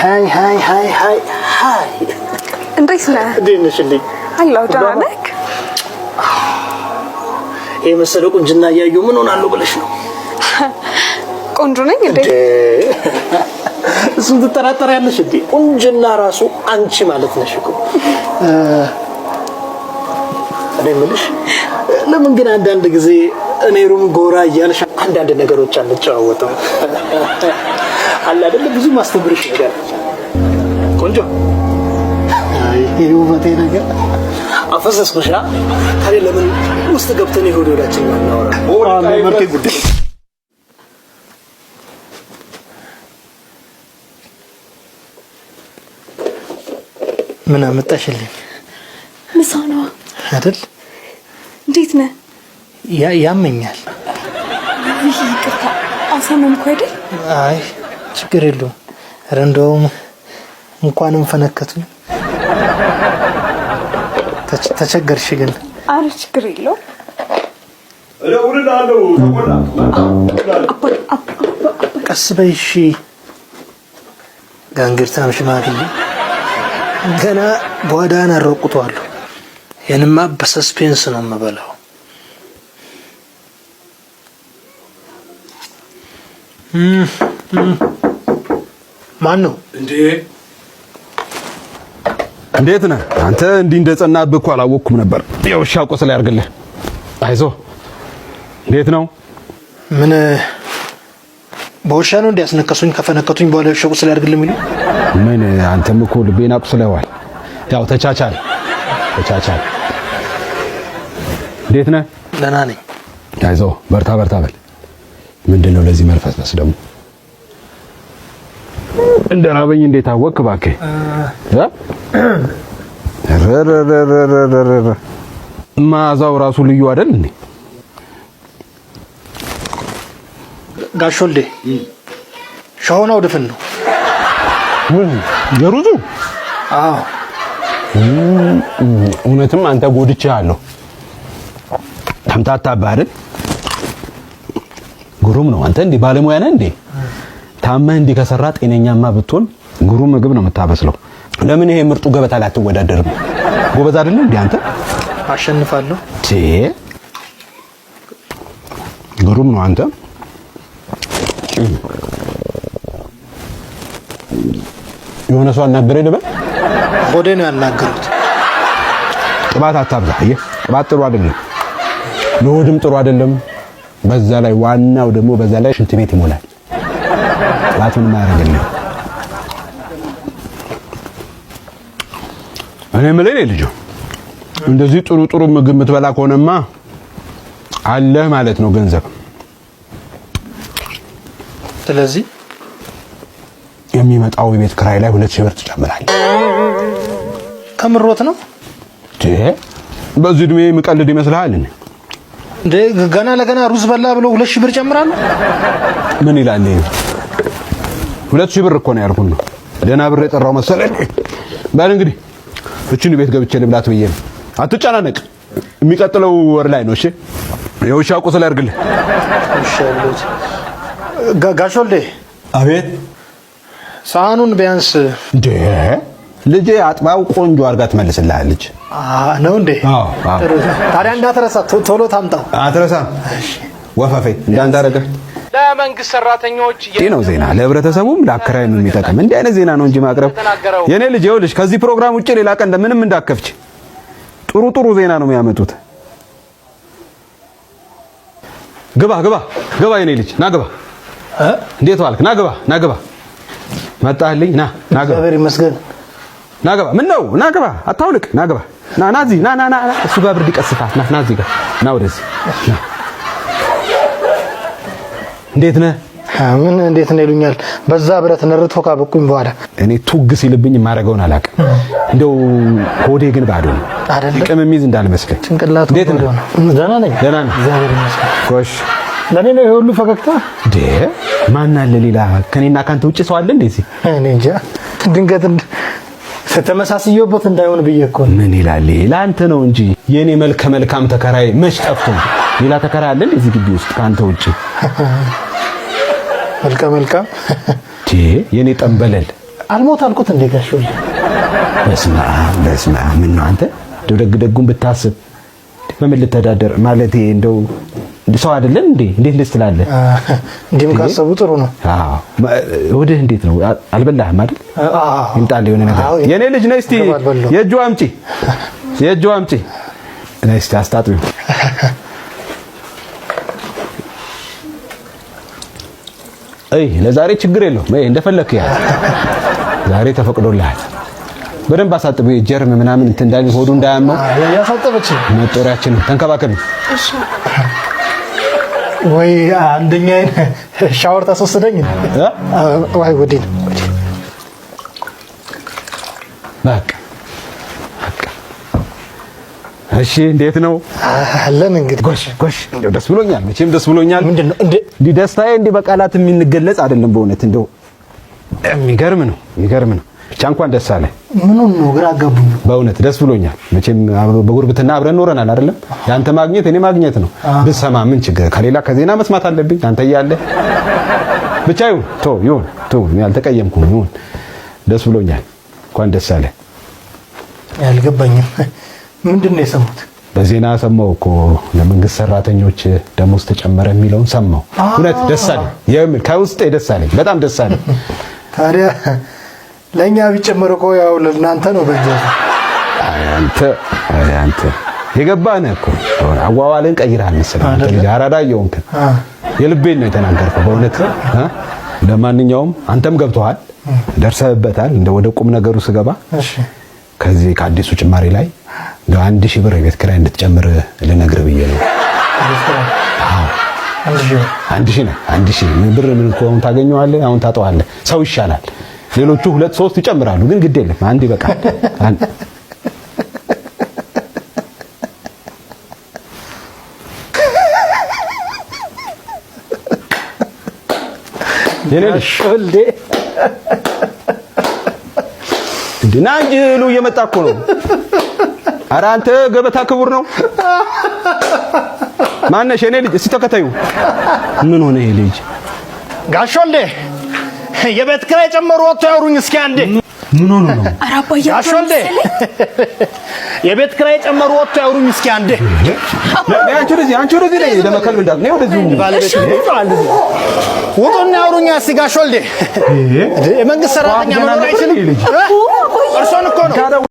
ሀይ ሀይ ሀይ ሀይ ሀይ፣ እንዴት ነህ? እንዴት ነሽ? እንዴ አላው ደህና ነህ? ይሄ መሰለ ቁንጅና እያዩ ምን ሆናለሁ ብለሽ ነው? ቆንጆ ነኝ እንዴ? እሱን ትጠራጠሪያለሽ እንዴ? ቁንጅና ራሱ አንቺ ማለት ነሽ እኮ። እኔ የምልሽ ለምን ግን አንዳንድ ጊዜ እኔ ሩም ጎራ እያልሽ አንዳንድ ነገሮች አንጨዋወተው አለ አይደል? ብዙ ማስተምርሽ ይሄዳል። ቆንጆ ይሄ ውበቴ ነገር አፈሰስኩሻ። ታዲያ ለምን ውስጥ ገብተን ይሁን ወዳችን ማናወራ ምን አመጣሽልኝ? ምሳ ነው አይደል? እንዴት ነህ? ያመኛል። ይቅርታ አሳመምኩ አይደል? አይ ችግር የለውም። ኧረ እንደውም እንኳንም ፈነከቱኝ። ተቸገርሽ ግን? አረ ችግር የለውም። ቀስ በይ እሺ። ጋንግርታም ሽማግሌ ገና ጓዳን አረቁቷል። ይህንማ በሰስፔንስ ነው የምበላው። እም ማን ነው እንዴ? እንዴት ነህ አንተ? እንዲህ እንደጸናብህ እኮ አላወቅኩም ነበር። ያው የውሻ ቁስል ያድርግልህ። አይዞ፣ እንዴት ነው? ምን በውሻ ነው እንዴ ያስነከሱኝ? ከፈነከቱኝ በኋላ የውሻ ቁስል ያድርግልህ የሚሉ ምን? አንተም እኮ ልቤን አቁስለኸዋል። ያው ተቻቻል፣ ተቻቻል። እንዴት ነህ? ደህና ነኝ። አይዞ፣ በርታ፣ በርታ በል። ምንድን ነው ለዚህ መልፈስፈስ ደግሞ እንደ ራበኝ እንዴት አወቅ? እባክህ መዓዛው ራሱ ልዩ አይደል እንዴ? ጋሽ ወልዴ ሻሆናው ድፍን ነው የሩዙ። አዎ እውነትም አንተ ጎድቼሃለሁ። ተምታታብህ አይደል? ግሩም ነው። አንተ እንዴ ባለሙያ ነህ እንዴ? ታመህ እንዲህ ከሰራ ጤነኛማ ብትሆን ግሩም ምግብ ነው የምታበስለው። ለምን ይሄ ምርጡ ገበታ ላይ አትወዳደርም? ጎበዝ አይደለም እንዴ አንተ? አሸንፋለሁ። ግሩም ነው አንተ። የሆነ ሰው አናገረኝ ልበል። ሆዴ ነው ያናገሩት። ቅባት አታብዛ። አየህ ቅባት ጥሩ አይደለም፣ ለሆድም ጥሩ አይደለም። በዛ ላይ ዋናው ደግሞ በዛ ላይ ሽንት ቤት ይሞላል። ጥላቱንም ማረግልኝ። እኔ የምልህ እኔ ልጁ እንደዚህ ጥሩ ጥሩ ምግብ የምትበላ ከሆነማ አለህ ማለት ነው ገንዘብ። ስለዚህ የሚመጣው የቤት ክራይ ላይ ሁለት ሺህ ብር ትጨምራለህ። ከምሮት ነው? በዚህ እድሜ የምቀልድ ይመስልሃል? ገና ለገና ሩዝ በላ ብሎ ሁለት ሺህ ብር ጨምራሉ። ምን ይላል ይሄ? ሁለት ሺህ ብር እኮ ነው ያልኩት። ነው ደህና ብር የጠራው መሰለኝ። በል እንግዲህ እቺን ቤት ገብቼ ልብላት ብዬ ነው። አትጨናነቅ፣ የሚቀጥለው ወር ላይ ነው። እሺ፣ የውሻ ቁስል ያድርግልህ። ጋሽ ወልዴ። አቤት። ሰሃኑን ቢያንስ እንዴ ልጅ አጥባው ቆንጆ አድርጋ ትመልስልሃለች። ነው እንዴ? ታዲያ እንዳትረሳ፣ ቶሎ ታምጣው። አትረሳም ወፈፌ እንዳንታረገ ለመንግስት ሰራተኞች ነው ዜና ለህብረተሰቡም ለአከራይም የሚጠቅም እንዲህ አይነት ዜና ነው እንጂ ማቅረብ የኔ ልጅ ይኸውልሽ፣ ከዚህ ፕሮግራም ውጪ ሌላ ቀን ምንም እንዳከፍች። ጥሩ ጥሩ ዜና ነው የሚያመጡት። ግባ ግባ ግባ፣ የኔ ልጅ ና ግባ። እንዴት ዋልክ? ና ግባ ና ግባ። መጣህልኝ ና ና ግባ። ናገባ ምን ነው ናገባ፣ አታውልቅ፣ ናገባ፣ ና ናዚ ና ና ና። እሱ ጋር ብርድ ይቀስፋል። ና ናዚ ጋር ና፣ ወደዚህ እንዴት ነህ? ምን እንዴት ነህ ይሉኛል። በዛ ብረት ነርቶ ካበቁኝ በኋላ እኔ ቱግ ሲልብኝ የማደርገውን አላውቅም። እንደው ሆዴ ግን ባዶ ነው አይደል? ቅም የሚይዝ እንዳልመስለኝ። ጭንቅላት እንዴት ነው? ደህና ነኝ፣ ደህና ነኝ። ጎሽ ለኔ ነው የሁሉ ፈገግታ። ደ ማን አለ ሌላ? ከኔና ካንተ ውጭ ሰው አለ? እንደዚህ እኔ እንጃ ድንገት ከተመሳስየበት እንዳይሆን ብዬ እኮ ምን ይላል? ለአንተ ነው እንጂ የኔ መልከ መልካም ተከራይ መች ጠፍቶ። ሌላ ተከራይ አለ እዚህ ግቢ ውስጥ ከአንተ ውጭ? መልከ መልካም የኔ ጠንበለል አልሞት አልኩት። እንዴ ጋሽ በስመ አብ በስመ አብ። ምነው አንተ ደግ ደጉን ብታስብ በምን ልተዳደር ማለት እንደው ሰው አይደለን እንዴ? እንዴት ደስ ትላለ? እንዲህም ካሰቡ ጥሩ ነው። አዎ ወደ እንዴት ነው? አልበላህም አይደል? ይምጣልህ የሆነ ነገር። የኔ ልጅ ነይ እስቲ የእጁ አምጪ፣ የእጁ አምጪ ነይ እስቲ አስታጥቢው። አይ ለዛሬ ችግር የለውም። አይ እንደፈለክ ያ ዛሬ ተፈቅዶልሃል። በደንብ አሳጥበው የጀርም ምናምን እንትን እንዳይል ሆዱ እንዳያመው ያሳጠበች መጦሪያችን ተንከባከብ። እሺ ወይ አንደኛ ሻወር ታስወስደኝ። ወይ ወዲን በቃ እሺ፣ እንዴት ነው አለን? እንግዲህ ጎሽ ጎሽ፣ እንደው ደስ ብሎኛል፣ መቼም ደስ ብሎኛል። ምንድነው እንዴ እንዲህ ደስታዬ እንዲህ በቃላት የሚንገለጽ አይደለም። በእውነት እንደው የሚገርም ነው፣ የሚገርም ነው። ብቻ እንኳን ደስ አለ። ምኑን ነው ግራ አጋቡኝ። በእውነት ደስ ብሎኛል። መቼም በጉርብትና አብረን ኖረናል አይደለም? ያንተ ማግኘት እኔ ማግኘት ነው። ብሰማ ምን ችግር፣ ከሌላ ከዜና መስማት አለብኝ አንተ እያለ ብቻ ይሁን። ቶ ይሁን ቶ አልተቀየምኩም። ይሁን ደስ ብሎኛል። እንኳን ደስ አለ። አልገባኝም። ምንድን ነው የሰሙት? በዜና ሰማው እኮ ለመንግስት ሰራተኞች ደሞዝ ተጨመረ የሚለውን ሰማው። እውነት ደስ አለ። የምር ከውስጤ ደስ አለኝ። በጣም ደስ አለኝ። ታዲያ ለእኛ ቢጨመር እኮ ያው ለእናንተ ነው። በእንጀራ አንተ አንተ የገባህ ነህ እኮ አዋዋልን ቀይራን አንስል አራዳ እየሆንክ የልቤን ነው የተናገርከው በእውነት ለማንኛውም አንተም ገብተዋል ደርሰህበታል። እንደ ወደ ቁም ነገሩ ስገባ ከዚህ ከአዲሱ ጭማሪ ላይ አንድ ሺህ ብር የቤት ኪራይ እንድትጨምር ልነግርህ ብዬ ነው። አንድ ሺህ ነው አንድ ሺህ ብር ምን እኮ አሁን ታገኘዋለህ፣ አሁን ታጠዋለህ። ሰው ይሻላል ሌሎቹ ሁለት ሶስት ይጨምራሉ፣ ግን ግድ የለም አንድ ይበቃል። ና እንጂ እህሉ እየመጣ እኮ ነው። አራንተ አንተ ገበታ ክቡር ነው። ማነሽ የኔ ልጅ? እስኪ ተከታዩ ምን ሆነ ይሄ ልጅ ጋሾሌ የቤት ክራይ ጨመሩ ወጥቶ ያውሩኝ እስኪ አንዴ። ምን ሆኖ ነው? ኧረ አባዬ የቤት ክራይ ጨመሩ ወጥቶ ያውሩኝ እስኪ አንዴ። አንቺ ወደዚህ፣ አንቺ ወደዚህ ላይ ለመከልብ እንዳል ነው ወደዚህ ባለቤት ውጡና ያውሩኝ እስኪ። ጋሾልዴ ወልዴ የመንግስት ሰራተኛ መኖር አይችልም። እርሶን እኮ ነው